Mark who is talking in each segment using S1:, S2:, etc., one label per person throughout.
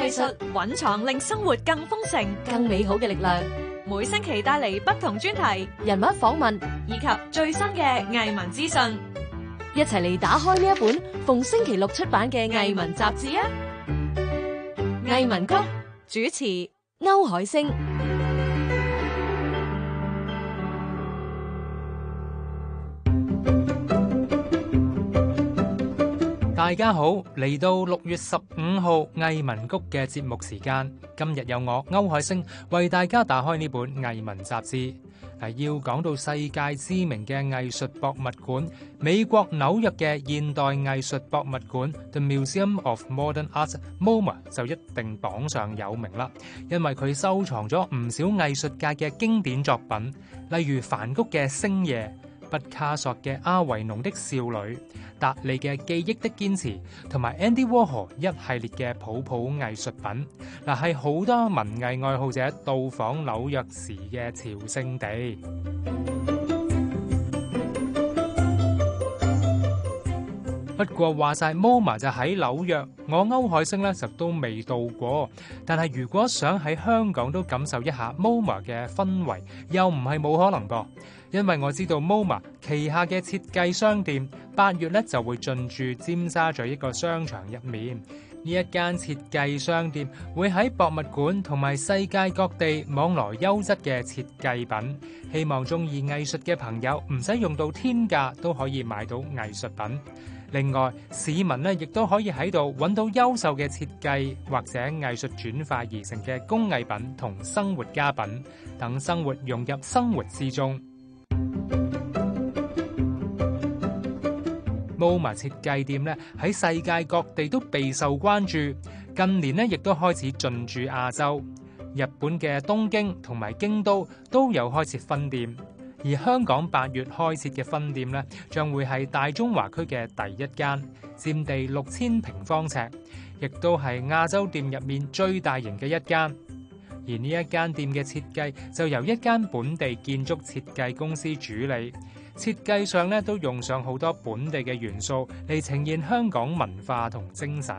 S1: 技術蘊藏令生活更豐盛、更美好嘅力量，每星期帶嚟不同專題、人物訪問以及最新嘅藝文資訊，一齊嚟打開呢一本逢星期六出版嘅藝文雜誌啊！藝文曲主持歐海星。
S2: 大家好，嚟到六月十五號藝文谷嘅節目時間，今日有我歐海星為大家打開呢本藝文雜誌。嗱，要講到世界知名嘅藝術博物館，美國紐約嘅現代藝術博物館《The Museum of Modern Art》，Moma 就一定榜上有名啦，因為佢收藏咗唔少藝術界嘅經典作品，例如梵谷嘅《星夜》。畢卡索嘅《阿維農的少女》，達利嘅《記憶的堅持》，同埋 Andy Warhol 一系列嘅普普藝術品，嗱，係好多文藝愛好者到訪紐約時嘅朝聖地。不過話晒 MoMA 就喺紐約，我歐海星呢就都未到過。但係如果想喺香港都感受一下 MoMA 嘅氛圍，又唔係冇可能噃。因為我知道，MoMA 旗下嘅設計商店八月咧就會進駐尖沙咀一個商場入面。呢一間設計商店會喺博物館同埋世界各地網羅優質嘅設計品，希望中意藝術嘅朋友唔使用，用到天價都可以買到藝術品。另外，市民咧亦都可以喺度揾到優秀嘅設計或者藝術轉化而成嘅工藝品同生活家品等生活融入生活之中。MoMA 設計店咧喺世界各地都備受關注，近年咧亦都開始進駐亞洲，日本嘅東京同埋京都都有開設分店，而香港八月開設嘅分店咧，將會係大中華區嘅第一間，佔地六千平方尺，亦都係亞洲店入面最大型嘅一間，而呢一間店嘅設計就由一間本地建築設計公司主理。設計上咧都用上好多本地嘅元素嚟呈現香港文化同精神，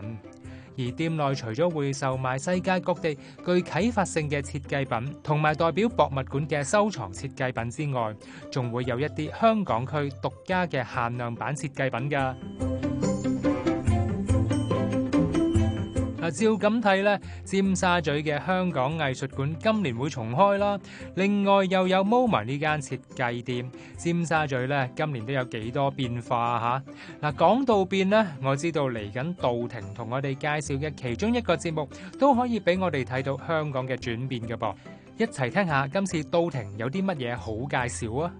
S2: 而店內除咗會售賣世界各地具啟發性嘅設計品，同埋代表博物館嘅收藏設計品之外，仲會有一啲香港區獨家嘅限量版設計品㗎。嗱，照咁睇咧，尖沙咀嘅香港藝術館今年會重開啦。另外又有 MoMA 呢間設計店，尖沙咀咧今年都有幾多變化吓。嗱，講到變咧，我知道嚟緊道庭同我哋介紹嘅其中一個節目，都可以俾我哋睇到香港嘅轉變嘅噃。一齊聽下今次道庭有啲乜嘢好介紹啊！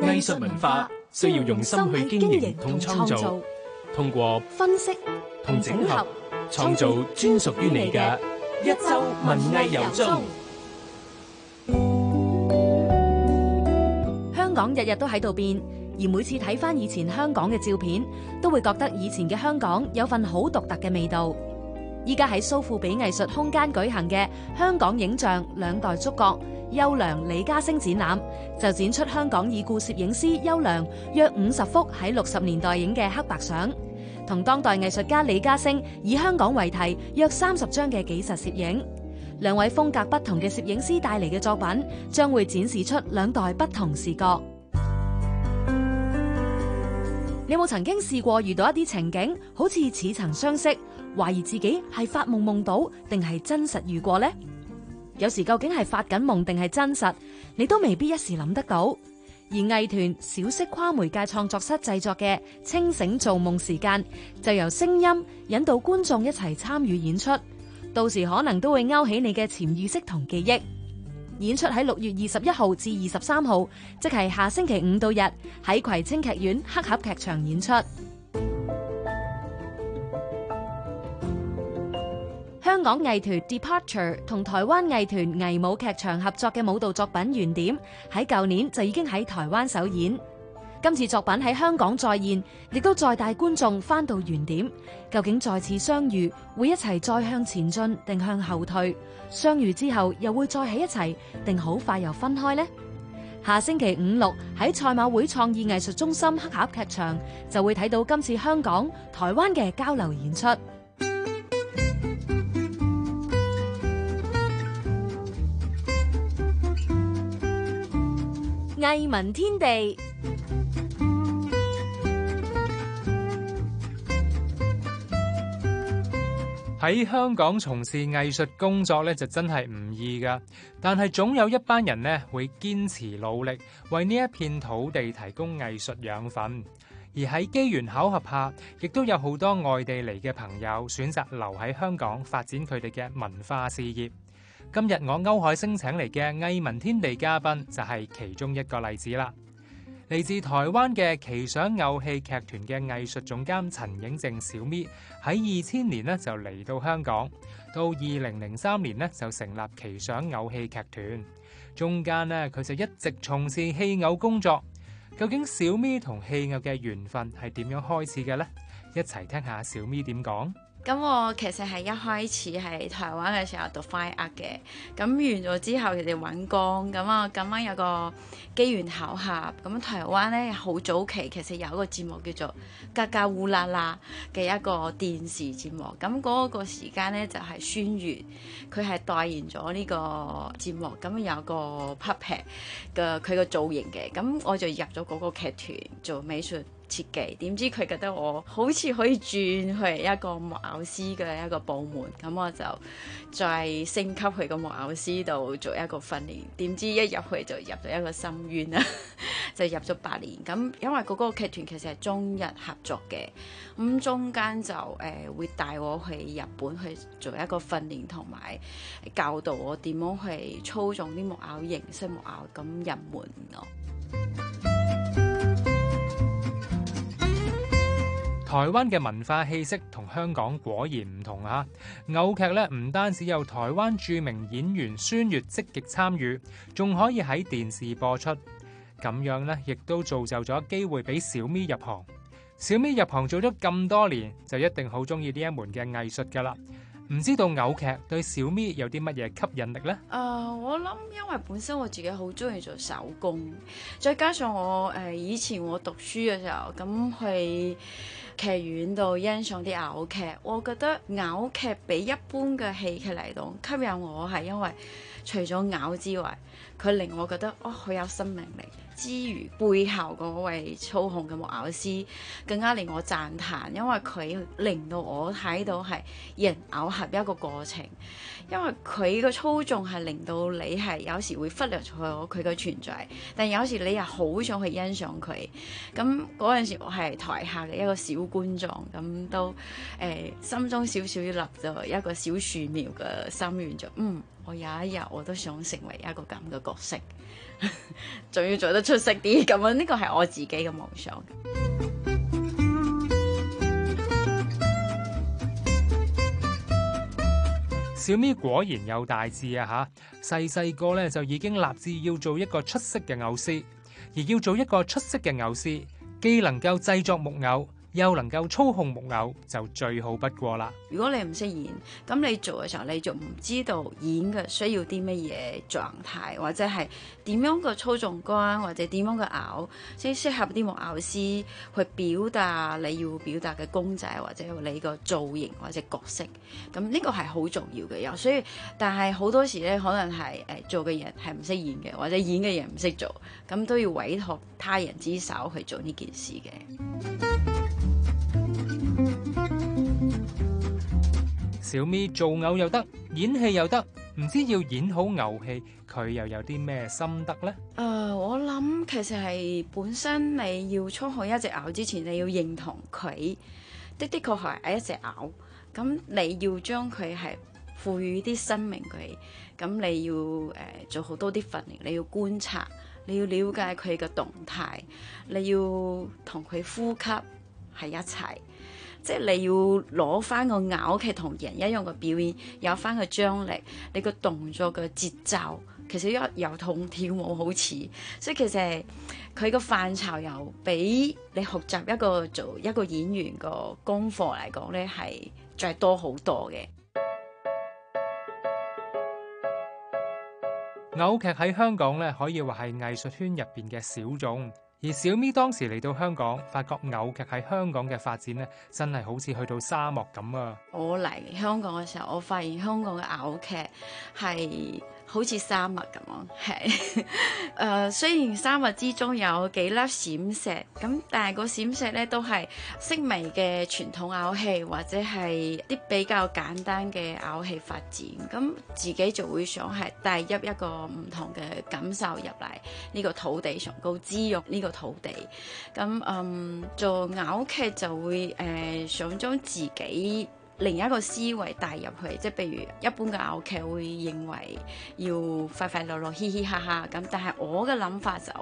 S2: 藝術文化需要用心去經營同創造，通過分析同整合。創造專屬於你嘅
S1: 一周文藝遊蹤。香港日日都喺度變，而每次睇返以前香港嘅照片，都會覺得以前嘅香港有份好獨特嘅味道。依家喺蘇富比藝術空間舉行嘅《香港影像兩代觸覺》邱良李家昇」展覽，就展出香港已故攝影師邱良約五十幅喺六十年代影嘅黑白相。同當代藝術家李嘉升以香港為題，約三十張嘅紀實攝影，兩位風格不同嘅攝影師帶嚟嘅作品，將會展示出兩代不同視角。 你有冇曾經試過遇到一啲情景，好似似曾相識，懷疑自己係發夢夢到定係真實遇過呢？有時究竟係發緊夢定係真實，你都未必一時諗得到。而藝團小息跨媒介創作室製作嘅《清醒造夢時間》，就由聲音引導觀眾一齊參與演出，到時可能都會勾起你嘅潛意識同記憶。演出喺六月二十一號至二十三號，即係下星期五到日，喺葵青劇院黑盒劇場演出。香港藝團 Departure 同台灣藝團藝舞劇場合作嘅舞蹈作品《原點》，喺舊年就已經喺台灣首演。今次作品喺香港再現，亦都再帶觀眾翻到原點。究竟再次相遇，會一齊再向前進定向後退？相遇之後，又會再喺一齊，定好快又分開呢？下星期五六喺賽馬會創意藝術中心黑盒劇場，就會睇到今次香港、台灣嘅交流演出。藝文天地，
S2: 喺香港從事藝術工作咧，就真係唔易噶。但係總有一班人呢，會堅持努力，為呢一片土地提供藝術養分。而喺機緣巧合下，亦都有好多外地嚟嘅朋友選擇留喺香港發展佢哋嘅文化事業。今日我歐海星請嚟嘅《藝文天地》嘉賓就係其中一個例子啦。嚟自台灣嘅奇想偶戲劇團嘅藝術總監陳映靜小咪，喺二千年呢就嚟到香港，到二零零三年呢就成立奇想偶戲劇團。中間呢佢就一直從事戲偶工作。究竟小咪同戲偶嘅緣分係點樣開始嘅呢？一齊聽下小咪點講。
S3: 咁我其實係一開始係台灣嘅時候讀 Fine Art 嘅，咁完咗之後佢哋揾工，咁啊咁啱有個機緣巧合，咁台灣咧好早期其實有一個節目叫做《格格烏拉拉》嘅一個電視節目，咁嗰個時間咧就係宣悅，佢係代言咗呢個節目，咁有個 puppet 嘅佢個造型嘅，咁我就入咗嗰個劇團做美術。設計，點知佢覺得我好似可以轉去一個木偶師嘅一個部門，咁我就再升級去個木偶師度做一個訓練。點知一入去就入咗一個深淵啦， 就入咗八年。咁因為嗰個劇團其實係中日合作嘅，咁中間就誒、呃、會帶我去日本去做一個訓練同埋教導我點樣去操縱啲木偶形式木偶咁入門咯。
S2: 台灣嘅文化氣息同香港果然唔同啊！偶劇咧唔單止有台灣著名演員孫越積極參與，仲可以喺電視播出，咁樣咧亦都造就咗機會俾小咪入行。小咪入行做咗咁多年，就一定好中意呢一門嘅藝術噶啦。唔知道偶劇對小咪有啲乜嘢吸引力呢？誒、
S3: 呃，我諗因為本身我自己好中意做手工，再加上我誒、呃、以前我讀書嘅時候咁係。劇院度欣賞啲偶劇，我覺得偶劇比一般嘅戲劇嚟到吸引我，係因為除咗偶之外，佢令我覺得哦好有生命力之餘，背後嗰位操控嘅木偶師更加令我讚歎，因為佢令到我睇到係人偶合一個過程，因為佢嘅操縱係令到你係有時會忽略咗佢嘅存在，但有時你又好想去欣賞佢。咁嗰陣時，我係台下嘅一個小觀眾，咁都誒、欸、心中少少立咗一個小樹苗嘅心願，就嗯，我有一日我都想成為一個咁嘅角色。仲 要做得出色啲咁樣！呢個係我自己嘅夢想 。
S2: 小咪果然有大志啊！吓，細細個呢就已經立志要做一個出色嘅偶師，而要做一個出色嘅偶師，既能夠製作木偶。又能夠操控木偶就最好不過啦。
S3: 如果你唔識演，咁你做嘅時候你就唔知道演嘅需要啲乜嘢狀態，或者係點樣個操縱杆，或者點樣嘅咬先適合啲木偶師去表達你要表達嘅公仔，或者你個造型或者角色。咁呢個係好重要嘅，又所以但係好多時咧，可能係誒做嘅人係唔識演嘅，或者演嘅人唔識做，咁都要委託他人之手去做呢件事嘅。
S2: 小咪做偶又得演戲又得，唔知要演好偶戲，佢又有啲咩心得呢？
S3: 誒、呃，我諗其實係本身你要操好一隻偶之前，你要認同佢的的確係一隻偶。咁你要將佢係賦予啲生命佢，咁你要誒做好多啲訓練，你要觀察，你要了解佢嘅動態，你要同佢呼吸係一齊。即係你要攞翻個偶劇同人一樣嘅表演，有翻個張力，你個動作嘅節奏，其實又又同跳舞好似，所以其實佢個範疇又比你學習一個做一個演員個功課嚟講咧，係再多好多嘅。
S2: 偶劇喺香港咧，可以話係藝術圈入邊嘅小眾。而小咪當時嚟到香港，發覺偶劇喺香港嘅發展真係好似去到沙漠咁啊！
S3: 我嚟香港嘅時候，我發現香港嘅偶劇係。好似沙漠咁咯，係誒、 呃。雖然沙漠之中有幾粒閃石，咁但係個閃石咧都係式微嘅傳統偶戲，或者係啲比較簡單嘅偶戲發展。咁自己就會想係帶入一個唔同嘅感受入嚟呢個土地上高，滋養呢個土地。咁嗯，做偶劇就會誒、呃、想將自己，另一個思維帶入去，即係譬如一般嘅偶劇會認為要快快樂樂、嘻嘻哈哈咁，但係我嘅諗法就，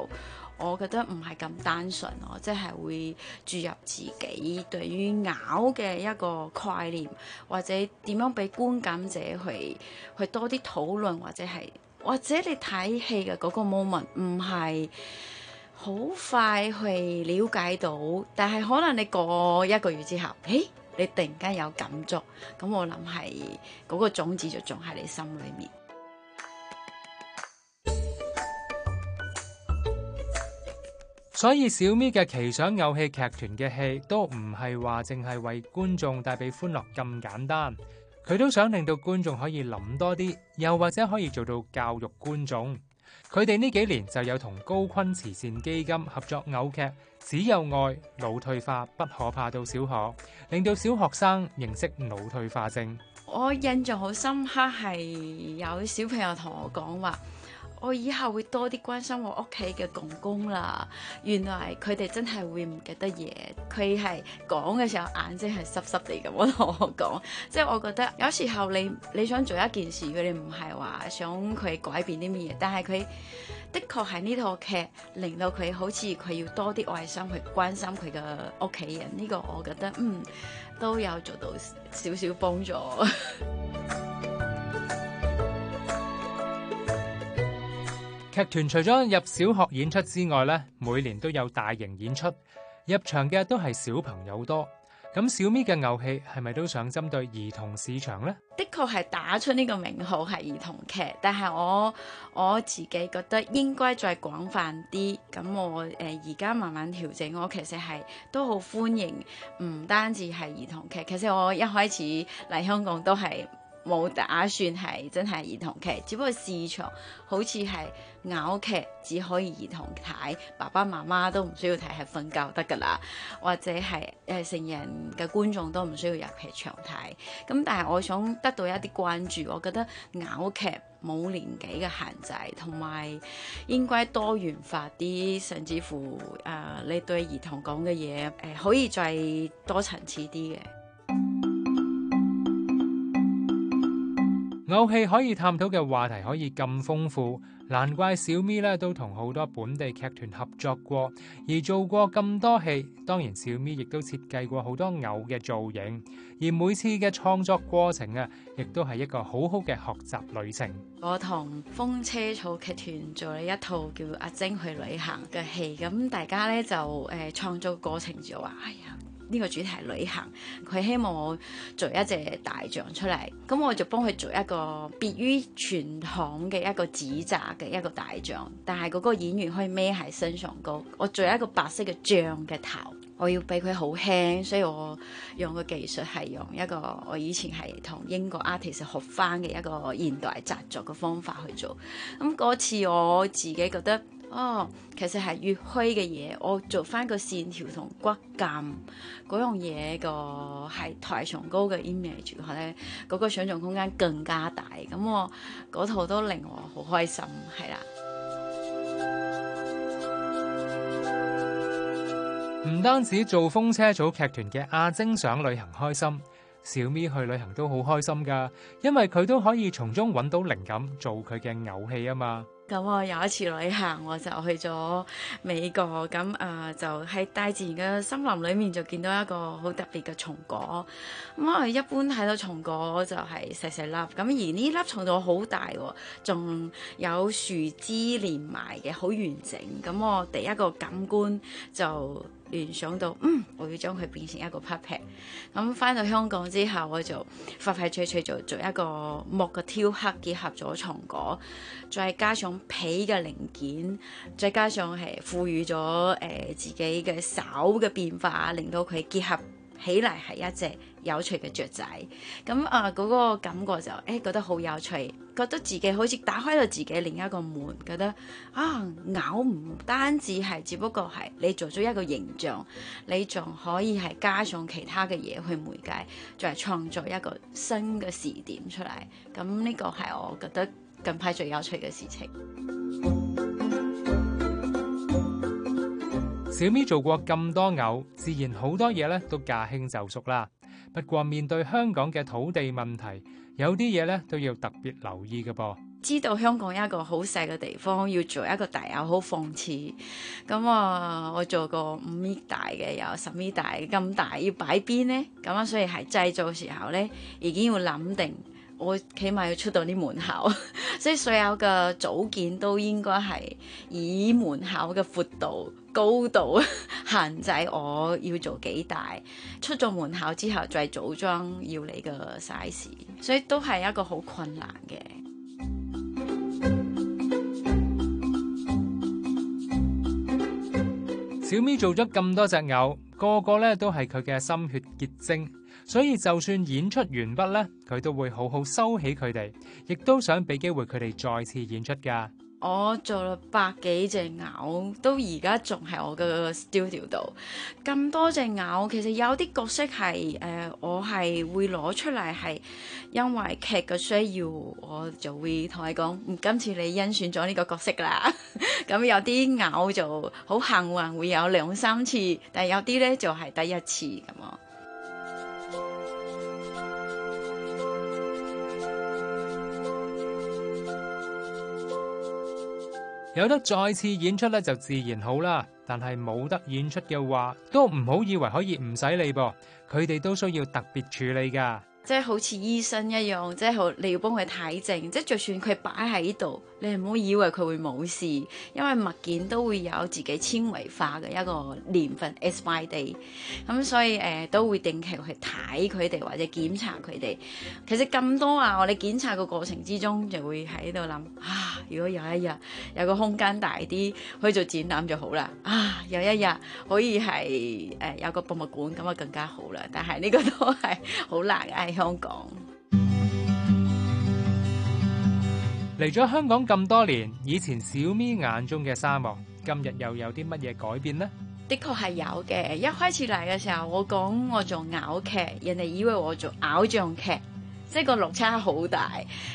S3: 我覺得唔係咁單純咯，即係會注入自己對於偶嘅一個概念，或者點樣俾觀感者去去多啲討論，或者係或者你睇戲嘅嗰個 moment 唔係好快去了解到，但係可能你過一個月之後，誒？你突然間有感觸，咁我諗係嗰個種子就種喺你心
S2: 裏面。所以小咪嘅奇想偶戲劇團嘅戲都唔係話淨係為觀眾帶俾歡樂咁簡單，佢都想令到觀眾可以諗多啲，又或者可以做到教育觀眾。佢哋呢幾年就有同高坤慈善基金合作偶劇《只有愛》，腦退化不可怕到小學，令到小學生認識腦退化症。
S3: 我印象好深刻，係有小朋友同我講話，我以後會多啲關心我屋企嘅公公啦。原來佢哋真係會唔記得嘢，佢係講嘅時候眼睛係濕濕地，咁我同我講。即 係我覺得有時候你你想做一件事，佢哋唔係話想佢改變啲乜嘢，但係佢的確係呢套劇令到佢好似佢要多啲愛心去關心佢嘅屋企人。呢個我覺得嗯都有做到少少幫助。
S2: 劇團除咗入小學演出之外咧，每年都有大型演出，入場嘅都係小朋友多。咁小咪嘅偶戲係咪都想針對兒童市場呢？
S3: 的確係打出呢個名號係兒童劇，但係我我自己覺得應該再廣泛啲。咁我誒而家慢慢調整，我其實係都好歡迎，唔單止係兒童劇。其實我一開始嚟香港都係。冇打算係真係兒童劇，只不過市場好似係偶劇，只可以兒童睇，爸爸媽媽都唔需要睇，係瞓覺得㗎啦，或者係誒成人嘅觀眾都唔需要入劇場睇。咁但係我想得到一啲關注，我覺得偶劇冇年紀嘅限制，同埋應該多元化啲，甚至乎誒、呃、你對兒童講嘅嘢誒可以再多層次啲嘅。
S2: 偶戲可以探討嘅話題可以咁豐富，難怪小咪咧都同好多本地劇團合作過，而做過咁多戲，當然小咪亦都設計過好多偶嘅造型，而每次嘅創作過程啊，亦都係一個好好嘅學習旅程。
S3: 我同風車草劇團做了一套叫《阿晶去旅行》嘅戲，咁大家咧就誒創作過程就話。哎呀呢個主題係旅行，佢希望我做一隻大象出嚟，咁我就幫佢做一個別於傳統嘅一個紙紮嘅一個大象，但係嗰個演員可以孭喺身上高。我做一個白色嘅象嘅頭，我要俾佢好輕，所以我用嘅技術係用一個我以前係同英國 artist 學翻嘅一個現代紮作嘅方法去做。咁嗰次我自己覺得。哦，其實係越虛嘅嘢，我做返個線條同骨感嗰樣嘢，個係抬崇高嘅 image 住，可能嗰個想象空間更加大。咁我
S2: 嗰套都令我好開心，係啦。唔單止做風車組劇團嘅阿晶想旅行開心，小咪去旅行都好開心㗎，因為佢都可以從中揾到靈感做佢嘅偶戲啊嘛。
S3: 咁我有一次旅行，我就去咗美國，咁啊、呃、就喺大自然嘅森林裏面就見到一個好特別嘅松果。咁我一般睇到松果就係細細粒，咁而呢粒松果好大，仲有樹枝連埋嘅，好完整。咁我第一個感官就。聯想到，嗯，我要將佢變成一個 puppet。咁返到香港之後，我就快快脆脆做做一個木嘅雕刻，結合咗松果，再加上皮嘅零件，再加上係賦予咗誒、呃、自己嘅手嘅變化，令到佢結合起嚟係一隻有趣嘅雀仔，咁啊嗰個感覺就誒、欸、覺得好有趣，覺得自己好似打開咗自己另一個門，覺得啊咬唔單止係，只不過係你做咗一個形象，你仲可以係加上其他嘅嘢去媒介，再創造一個新嘅時點出嚟。咁呢個係我覺得近排最有趣嘅事情。
S2: 小咪做過咁多偶，自然好多嘢咧都駕輕就熟啦。不過面對香港嘅土地問題，有啲嘢咧都要特別留意嘅噃。
S3: 知道香港一個好細嘅地方，要做一個大偶好諷刺。咁啊，我做過五米大嘅，有十米大嘅咁大，要擺邊呢？咁啊，所以係製造時候咧，已經要諗定。我起碼要出到啲門口， 所以所有嘅組件都應該係以門口嘅闊度、高度 限制我要做幾大。出咗門口之後再組裝，要你嘅 size，所以都係一個好困難嘅。
S2: 小咪做咗咁多隻牛，個個咧都係佢嘅心血結晶。所以就算演出完畢咧，佢都會好好收起佢哋，亦都想俾機會佢哋再次演出噶。
S3: 我做咗百幾隻偶都而家仲喺我嘅 studio 度。咁多隻偶其實有啲角色係誒、呃，我係會攞出嚟係因為劇嘅需要，我就會同佢講，今次你甄選咗呢個角色啦。咁 有啲偶就好幸運，會有兩三次，但係有啲咧就係、是、第一次咁
S2: 有得再次演出咧，就自然好啦。但係冇得演出嘅話，都唔好以為可以唔使理噃。佢哋都需要特別處理㗎，即
S3: 係好似醫生一樣，即係你要幫佢睇症。即係就算佢擺喺度，你唔好以為佢會冇事，因為物件都會有自己纖維化嘅一個年份 S Y D。咁所以誒、呃，都會定期去睇佢哋或者檢查佢哋。其實咁多啊，我哋檢查嘅過程之中，就會喺度諗如果有一日有個空間大啲，可以做展覽就好啦。啊，有一日可以係誒、呃、有個博物館咁啊，更加好啦。但係呢個都係好難嘅喺香港。
S2: 嚟咗香港咁多年，以前小咪眼中嘅沙漠，今日又有啲乜嘢改變呢？
S3: 的確係有嘅。一開始嚟嘅時候，我講我做偶、呃、劇，人哋以為我做偶像劇。即係個落差好大，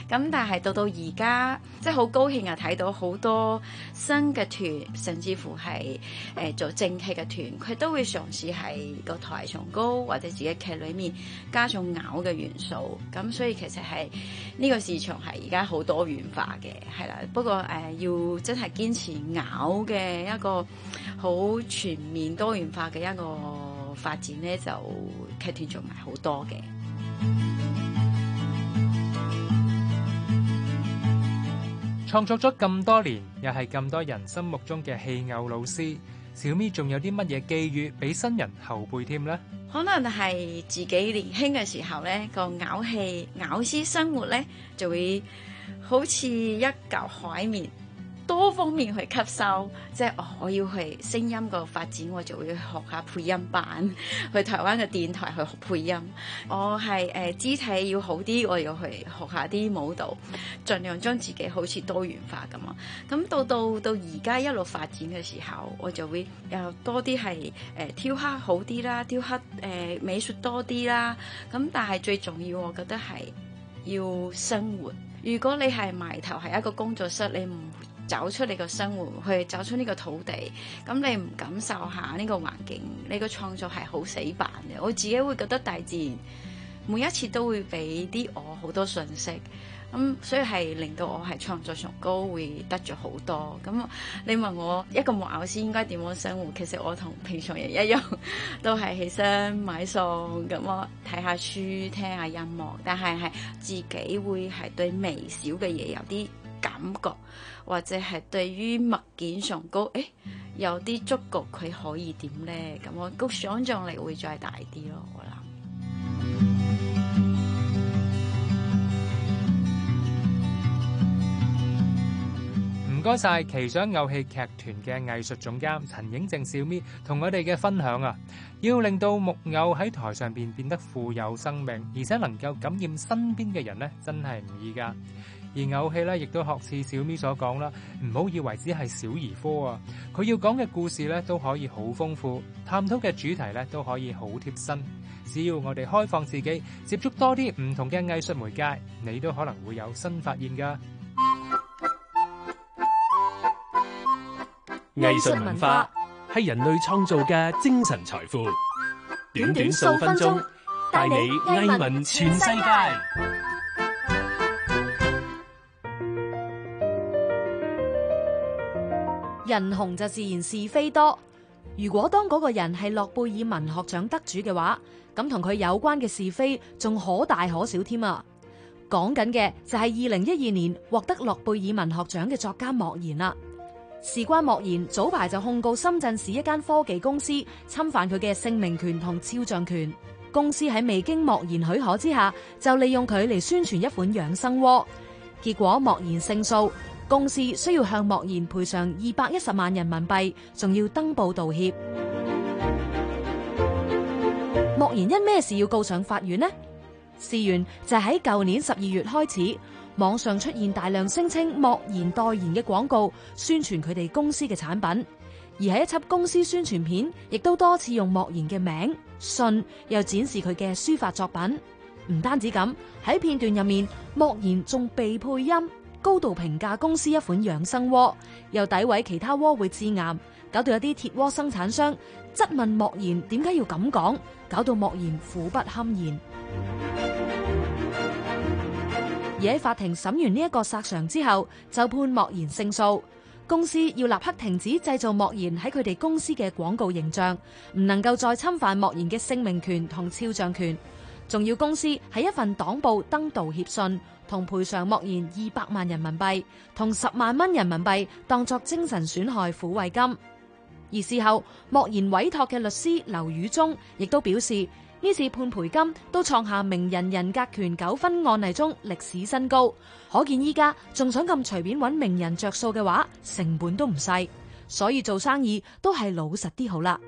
S3: 咁但係到到而家，即係好高興啊！睇到好多新嘅團，甚至乎係誒、呃、做正劇嘅團，佢都會嘗試喺個台上高或者自己劇裏面加上偶嘅元素。咁所以其實係呢、呢個市場係而家好多元化嘅，係啦。不過誒、呃，要真係堅持偶嘅一個好全面多元化嘅一個發展咧，就劇團
S2: 仲係好多嘅。創作咗咁多年，又係咁多人心目中嘅戲偶老師，小咪仲有啲乜嘢寄語俾新人後輩添呢？
S3: 可能係自己年輕嘅時候咧，個咬戲咬師生活咧，就會好似一嚿海綿。多方面去吸收，即係我要去聲音個發展，我就會去學下配音班，去台灣嘅電台去學配音。我係誒、呃、肢體要好啲，我要去學下啲舞蹈，盡量將自己好似多元化咁啊！咁到到到而家一路發展嘅時候，我就會誒多啲係誒雕刻好啲啦，雕刻誒美術多啲啦。咁但係最重要，我覺得係要生活。如果你係埋頭係一個工作室，你唔～走出你個生活，去走出呢個土地，咁你唔感受下呢個環境，你個創作係好死板嘅。我自己會覺得大自然每一次都會俾啲我好多信息，咁所以係令到我係創作上高會得咗好多。咁你問我一個木偶師應該點樣生活？其實我同平常人一樣，都係起身買餸，咁我睇下書，聽下音樂，但係係自己會係對微小嘅嘢有啲。感覺或者係對於物件上高，誒有啲觸覺，佢可以點呢？咁我個想像力會再大啲咯。我諗
S2: 唔該曬奇想偶戲劇團嘅藝術總監陳映靜小咪同我哋嘅分享啊，要令到木偶喺台上邊變得富有生命，而且能夠感染身邊嘅人呢，真係唔易噶～而偶戲咧，亦都學似小咪所講啦，唔好以為只係小兒科啊！佢要講嘅故事咧，都可以好豐富；探討嘅主題咧，都可以好貼身。只要我哋開放自己，接觸多啲唔同嘅藝術媒介，你都可能會有新發現噶。藝術文化係人類創造嘅精神財富。短短數分鐘，帶你藝文全世界。
S1: 人紅就自然是非多，如果當嗰個人係諾貝爾文學獎得主嘅話，咁同佢有關嘅是非仲可大可小添啊！講緊嘅就係二零一二年獲得諾貝爾文學獎嘅作家莫言啦。事關莫言早排就控告深圳市一間科技公司侵犯佢嘅姓名權同肖像權，公司喺未經莫言許可之下就利用佢嚟宣傳一款養生鍋，結果莫言勝訴。公司需要向莫言賠償二百一十萬人民幣，仲要登報道歉。莫言因咩事要告上法院呢？事源就喺舊年十二月開始，網上出現大量聲稱莫言代言嘅廣告，宣傳佢哋公司嘅產品。而喺一輯公司宣傳片，亦都多次用莫言嘅名、信，又展示佢嘅書法作品。唔單止咁，喺片段入面，莫言仲被配音。高度評價公司一款養生鍋，又詆毀其他鍋會致癌，搞到有啲鐵鍋生產商質問莫言點解要咁講，搞到莫言苦不堪言。 而喺法庭審完呢一個索償之後，就判莫言勝訴，公司要立刻停止製造莫言喺佢哋公司嘅廣告形象，唔能夠再侵犯莫言嘅姓名權同肖像權，仲要公司喺一份黨報登道歉信。同賠償莫言二百萬人民幣，同十萬蚊人民幣當作精神損害撫慰金。而事後莫言委託嘅律師劉宇中亦都表示，呢次判賠金都創下名人人格權糾紛案例中歷史新高。可見依家仲想咁隨便揾名人着數嘅話，成本都唔細，所以做生意都係老實啲好啦。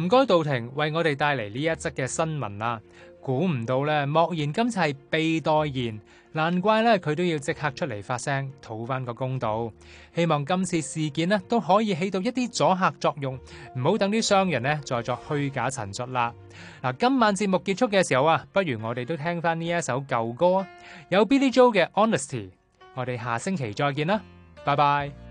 S2: 唔該，到庭為我哋帶嚟呢一則嘅新聞啦。估唔到咧，莫言今次係被代言，難怪咧佢都要即刻出嚟發聲討翻個公道。希望今次事件呢都可以起到一啲阻嚇作用，唔好等啲商人呢再作虛假陳述啦。嗱，今晚節目結束嘅時候啊，不如我哋都聽翻呢一首舊歌啊，有 Billy Joel 嘅 Honesty。我哋下星期再見啦，拜拜。